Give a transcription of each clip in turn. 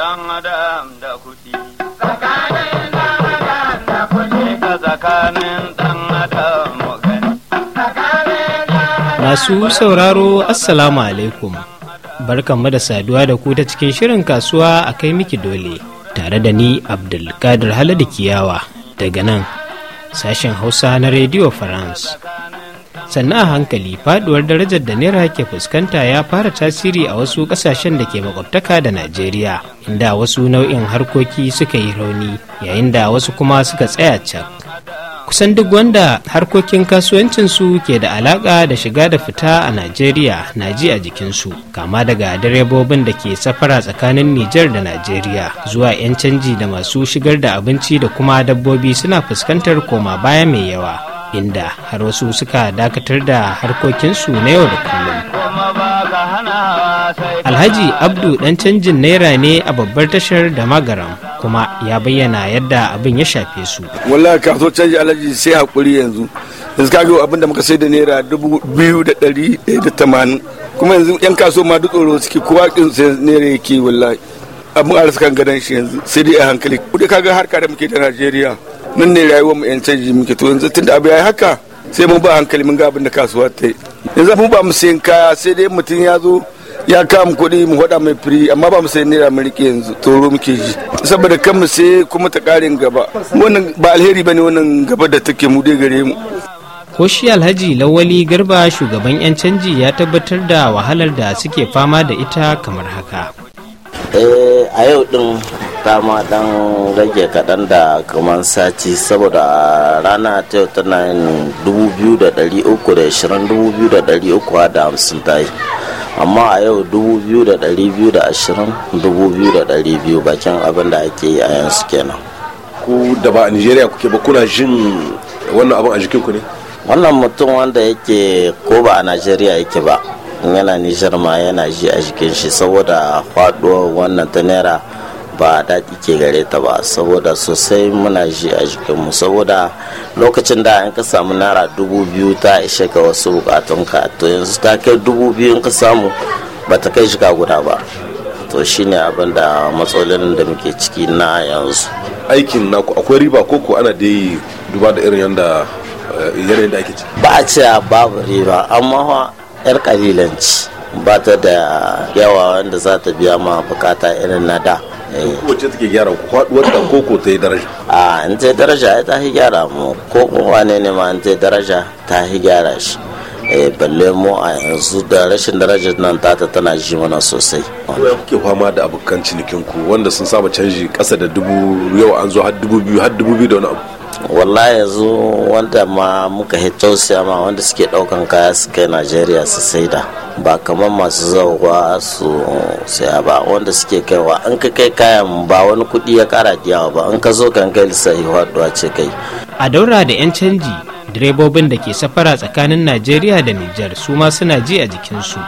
dan adam da kuɗi. Tsakanin dan adam da kuɗi. Masu sauraro Assalamu alaikum. Barkanmu da saduwa da ku ta cikin shirin kasuwa a kai miki dole tare da ni Abdulkadir Haladu Kiyawa daga nan sashen Hausa na Radio France. sannan a hankali faduwar darajar da naira ke fuskanta ya fara tasiri a wasu kasashen da ke makwabtaka da najeriya inda wasu nau'in harkoki suka yi rauni yayin da wasu kuma suka tsaya cak kusan duk wanda harkokin kasuwancinsu ke da alaka da shiga da fita a najeriya na ji a jikinsu kama daga direbobin da ke safara tsakanin nijar da najeriya zuwa 'yan canji da masu shigar da abinci da kuma dabbobi suna fuskantar koma baya mai yawa inda har wasu suka dakatar da harkokinsu na yau da kullum alhaji abdu dan canjin naira ne a babbar tashar da magaram kuma ya bayyana yadda abin ya shafe su wallahi so canji alhaji sai hakuri yanzu yanzu ka abin da muka sai da naira dubu biyu da ɗari ɗaya da tamanin kuma yanzu yan kaso ma duk tsoro suke kowa kin sai naira yake wallahi abin kan gadon shi yanzu sai dai a hankali kuɗi kaga harka da muke da najeriya nan ne rayuwar mu yan canji muke to yanzu tunda abu yi haka sai mu ba hankali mun ga abin da kasuwa ta yi yanzu mun ba mu sayan kaya sai dai mutum ya zo ya kama kuɗi mu faɗa mai firi amma ba mu sayan naira mu riƙe yanzu toro muke ji saboda kan mu sai kuma ta ƙarin gaba wannan ba alheri bane wannan gaba da take mu dai gare mu ko shi alhaji lawali garba shugaban 'yan canji ya tabbatar da wahalar da suke fama da ita kamar haka Eh, a yau din dama dan rage kaɗan da kaman sati saboda rana ta yau tana yin biyu da uku da da ashirin dubu biyu hamsin ta yi amma a yau dubu dubu biyu biyu biyu da da da ashirin biyu bakin abin da ake yi a yanzu kenan ku da ba a nigeria kuke ba kuna jin wannan abin a jikinku ne wannan mutum wanda yake ko ba a nigeria yake ba in yana nijar ma yana ji a jikin shi saboda faɗuwar wannan ta naira ba daɗi ke gare ta ba saboda sosai muna ji a jikinmu saboda lokacin da an ka samu naira dubu biyu ta ishe ka wasu ka to yanzu ta kai dubu biyu in ka samu ba ta kai shiga guda ba to shine abin da matsalolin da muke ciki na yanzu aikin naku akwai riba ko ko ana dai duba da irin yanda eh, yanayin da ake ciki ba a ce babu riba amma 'yar kalilanci ba ta da yawa wanda za ta biya ma bukata irin na da eh. kowace take gyara kwaduwar da koko ta yi daraja a in ta yi daraja ta yi gyara mu ko kuma ne ne ma in ta yi daraja ta yi gyara shi eh, balle mu a yanzu da rashin darajar nan tata tana ji mana sosai ya kuke fama da abokan cinikin ku wanda sun saba canji kasa da dubu yau an zo har dubu biyu har dubu biyu da wani abu wallahi yanzu wanda ma muka hitausiya ma wanda suke daukan kaya su kai najeriya su saida ba kamar masu zauwa su saya ba wanda suke kaiwa an ka kai kayan ba wani kuɗi ya kara diyawa ba an ka zo kan kai lissahi haduwa ce kai a daura da 'yan canji direbobin da ke safara tsakanin najeriya da nijar su ma suna ji a jikinsu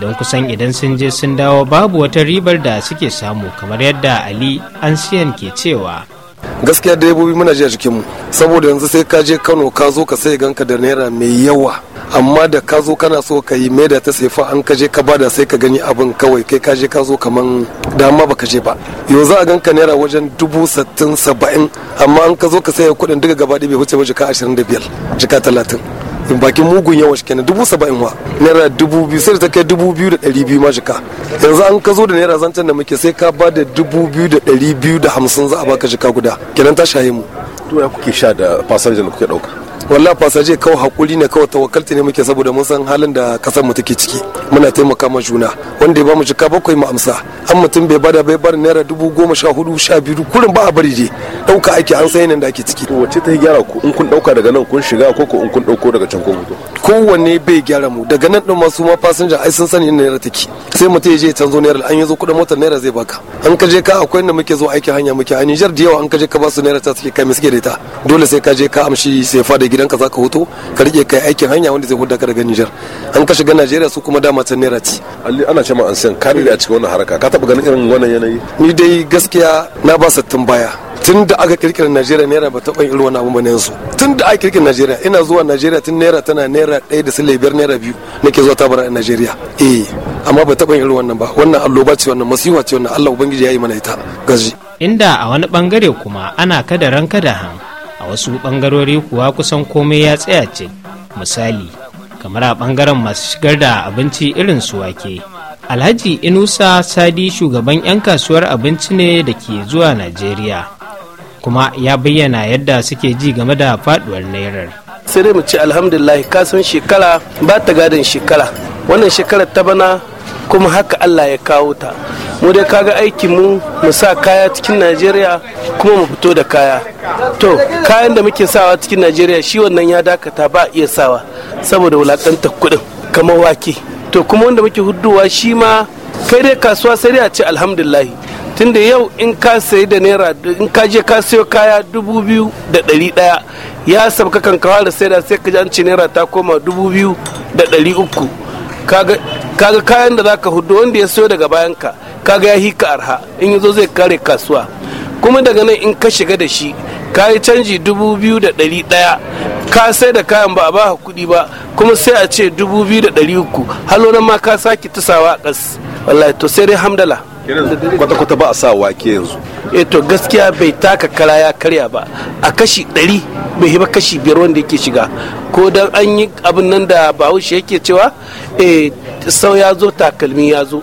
don kusan idan sun je sun dawo babu wata ribar da suke samu kamar yadda ali ansiyan ke cewa gaskiya direbobi muna ji a jikin mu saboda yanzu sai ka je kano ka zo ka sai ganka da naira mai yawa amma da ka zo kana so ka yi mai da ta sefa an ka je ka bada sai ka gani abin kawai kai ka je ka zo kaman dama baka je ba yau za a ganka naira wajen dubu sattin saba'in amma an ka zo ka saya kuɗin duka gaba ɗaya bai wuce ba jika ashirin da biyar jika talatin bakin mugun yawan shi kenan dubu saba'in wa naira dubu biyu sai da ta kai dubu biyu da ɗari biyu ma jika yanzu an ka zo da naira zancen da muke sai ka ba da dubu biyu da ɗari biyu da hamsin za a baka jika guda kenan ta shaye mu. to ya kuke sha da fasinjan da kuke ɗauka. wallahi fasaje kawai hakuri ne kawai tawakkalta ne muke saboda mun san halin da kasar mu take ciki muna taimaka ma juna wanda ya bamu shika bakwai mu amsa an mutum bai bada bai bar naira dubu goma sha hudu sha biyu kurin ba a bari je dauka ake an sai yanayin da ake ciki wacce ta gyara ku in kun dauka daga nan kun shiga ko ko in kun dauko daga can kun fito kowanne bai gyara mu daga nan din masu ma fasinja ai sun sani inda naira take sai mutum ya je canzo naira an yanzu kudin motar naira zai baka an ka je ka akwai inda muke zo aiki hanya muke a Niger da yawa an ka je ka ba su naira ta take kai suke da ita dole sai ka je ka amshi sai fada gidanka ka hoto ka rike kai aikin hanya wanda zai huda ka daga Niger an ka shiga Najeriya su kuma dama can naira ci alli ana cewa an san kare da a cikin wannan haraka ka taba ganin irin wannan yanayi ni dai gaskiya na ba sattin baya tun da aka kirkira najeriya naira ba taɓa irin wannan abun ba yanzu tun da aka kirkira najeriya ina zuwa najeriya tun naira tana naira 1 da sile biyar naira 2 nake zuwa tabara a najeriya eh amma ba taɓa irin wannan ba wannan alloba ce wannan masifa ce wannan allah ubangiji ya yi mana ita gaji inda a wani bangare kuma ana kada ran kada han a wasu bangarori kuwa kusan komai ya tsaya ce misali kamar a bangaren masu shigar da abinci irin su wake alhaji inusa sadi shugaban 'yan kasuwar abinci ne da ke zuwa najeriya kuma ya bayyana yadda suke ji game da faduwar nairar sai dai mu ce alhamdulillah kasan shekara ba ta gadon shekara wannan shekarar ta bana kuma haka Allah ya kawo ta mu dai kaga aikin mu mu sa kaya cikin Najeriya kuma mu fito da kaya to kayan da muke sawa cikin Najeriya shi wannan ya dakata ba iya sawa saboda wulakantar kuɗin kamar wake to kuma wanda muke huduwa shi ma kai dai kasuwa sai a ce alhamdulillahi tunda yau in ka sayi da naira in ka je ka sayo kaya dubu biyu da ɗari ɗaya ya sabka kan kawa da sai da sai ka ji an ce naira ta koma dubu biyu da ɗari uku kaga kaga kayan da zaka hudu wanda ya sayo daga bayan ka kaga ya hika arha in yazo zai kare kasuwa kuma daga nan in ka shiga da shi ka yi canji dubu biyu da ɗari ɗaya ka sai da kayan ba a ba kuɗi ba kuma sai a ce dubu biyu da ɗari uku halonan ma ka sake tusawa a ƙas wallahi to sai dai hamdala kwata-kwata ba a sa wake yanzu eh to gaskiya bai taka kara ya karya ba a kashi ɗari bai ba kashi biyar wanda yake shiga ko dan an yi abin nan da bahaushe yake cewa eh sau ya zo takalmi ya zo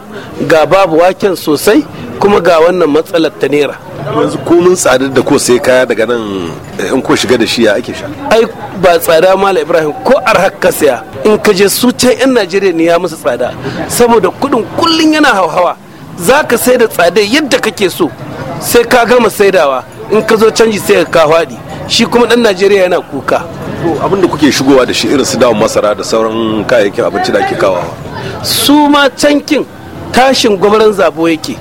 ga babu waken sosai kuma ga wannan matsalar ta nera yanzu komin tsadar da ko sai kaya daga nan eh, in ko shiga da shi ya ake sha ai ba tsada mala ibrahim ko arha ka saya in ka je su ta yan najeriya ne ya musu tsada saboda kudin kullun yana hauhawa za ka sai da tsada yadda kake so sai ka gama saidawa in ka zo canji sai ka hwaɗi shi kuma dan najeriya yana kuka abin da kuke shigowa da shi irin su dawon masara da sauran kayayyakin abinci da ake kawawa su ma cankin tashin gwamnan zabo yake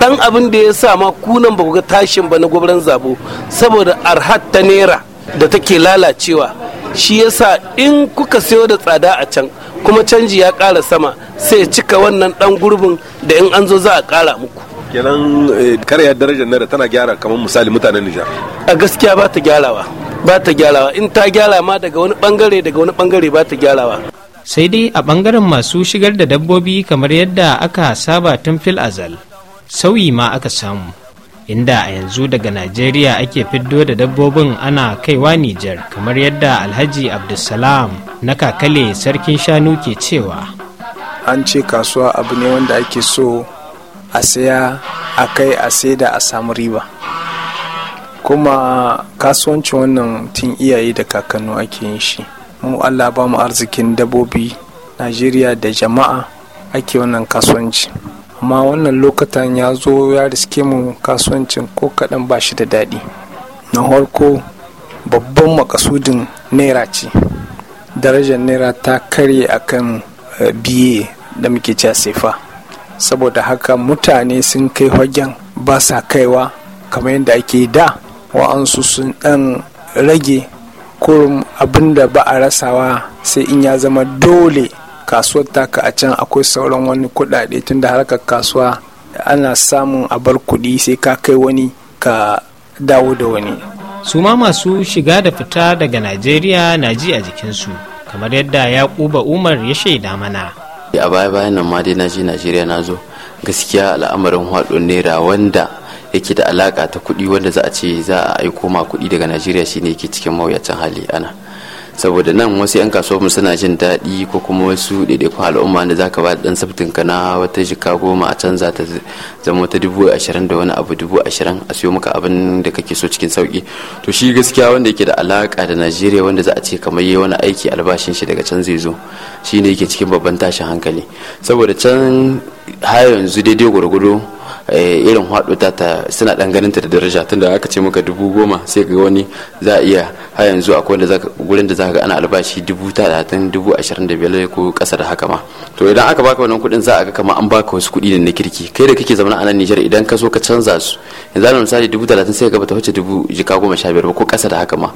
dan abin da ya sa ma kunan ba ga tashin ba na gwamnan zabo saboda arhat ta nera da take lalacewa shi yasa in kuka sayo da tsada a can kuma canji ya kara sama sai cika wannan dan gurbin da in an zo za a ƙara muku kenan eh, karyar darajar naira tana gyara kamar misali mutanen nijar a gaskiya ba ta gyarawa ba ta gyarawa in ta gyara ma daga wani bangare daga wani bangare ba ta gyarawa sai dai a bangaren masu shigar da dabbobi kamar yadda aka saba tun fil azal sauyi ma aka samu inda a yanzu daga najeriya ake fiddo da dabbobin ana kaiwa nijar kamar yadda alhaji abdulsalam na kakale sarkin shanu ke cewa an ce kasuwa abu ne wanda ake so a saya a kai a saida a samu riba kuma kasuwanci wannan tun iyaye da kakannu ake yin shi mu allah ba mu arzikin dabobi najeriya da jama'a ake wannan kasuwanci amma wannan lokatan ya zo ya riske mu kasuwancin ko kaɗan ba shi da daɗi na farko babban makasudin naira ce darajar naira ta karye a kan eh, biye da muke cewa sefa saboda haka mutane sun kai hagen ba sa kaiwa kamar yadda ake da wa'ansu sun ɗan rage kurum abinda ba a rasawa sai in ya zama dole kasuwar taka a can akwai sauran wani kuɗaɗe tunda harkar kasuwa ana samun a bar kuɗi sai ka kai wani ka dawo da wani su ma masu shiga da fita daga najeriya na ji a jikinsu kamar yadda ya kuba umar ya shaida mana a baya bayan nan ma dai na ji najeriya na zo gaskiya al'amarin haɗo naira wanda yake da alaka ta kuɗi wanda za a ce za a aiko ma kuɗi daga najeriya shine yake cikin mawuyacin hali ana saboda nan wasu 'yan kasuwa suna jin daɗi ko kuma wasu ɗaiɗaikun al'umma da ka ba dan sabtin ka na wata jika goma a canza ta zama ta dubu ashirin da wani abu dubu ashirin a siyo maka abin da kake so cikin sauki to shi gaskiya wanda yake da alaka da najeriya wanda za a ce kamar yi wani aiki albashin shi daga can zai zo shi ne yake cikin babban tashin hankali saboda can har yanzu daidai gwargwado Eh, irin haɗuta ta suna ɗan ganin ta da daraja tunda aka ce maka dubu goma sai ga wani za a iya har yanzu akwai da gurin da za ga ana albashi dubu talatin dubu ashirin da biyar ko ƙasa da haka ma to idan aka baka wannan kuɗin za a ga kama an baka wasu kuɗi ne na kirki kai da kake zama a nan Nijar idan ka so ka canza su yanzu ana misali dubu talatin sai ka bata wuce dubu jika goma sha biyar ba ko ƙasa da haka ma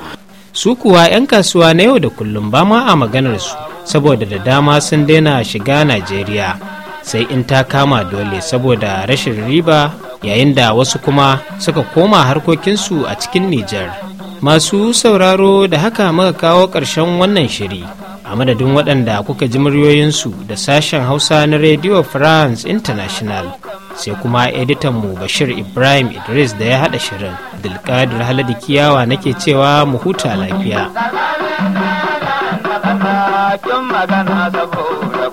su kuwa 'yan kasuwa na yau da kullum ba ma a maganar su saboda da dama sun daina shiga Najeriya sai in ta kama dole saboda rashin riba yayin da wasu kuma suka koma harkokinsu a cikin Nijar. Masu sauraro da haka muka kawo ƙarshen wannan shiri a madadin waɗanda kuka ji muryoyinsu da sashen Hausa na Radio France International sai kuma editanmu Bashir Ibrahim Idris da ya haɗa shirin. Dilkadir Haladu Kiyawa nake cewa mu huta lafiya. magana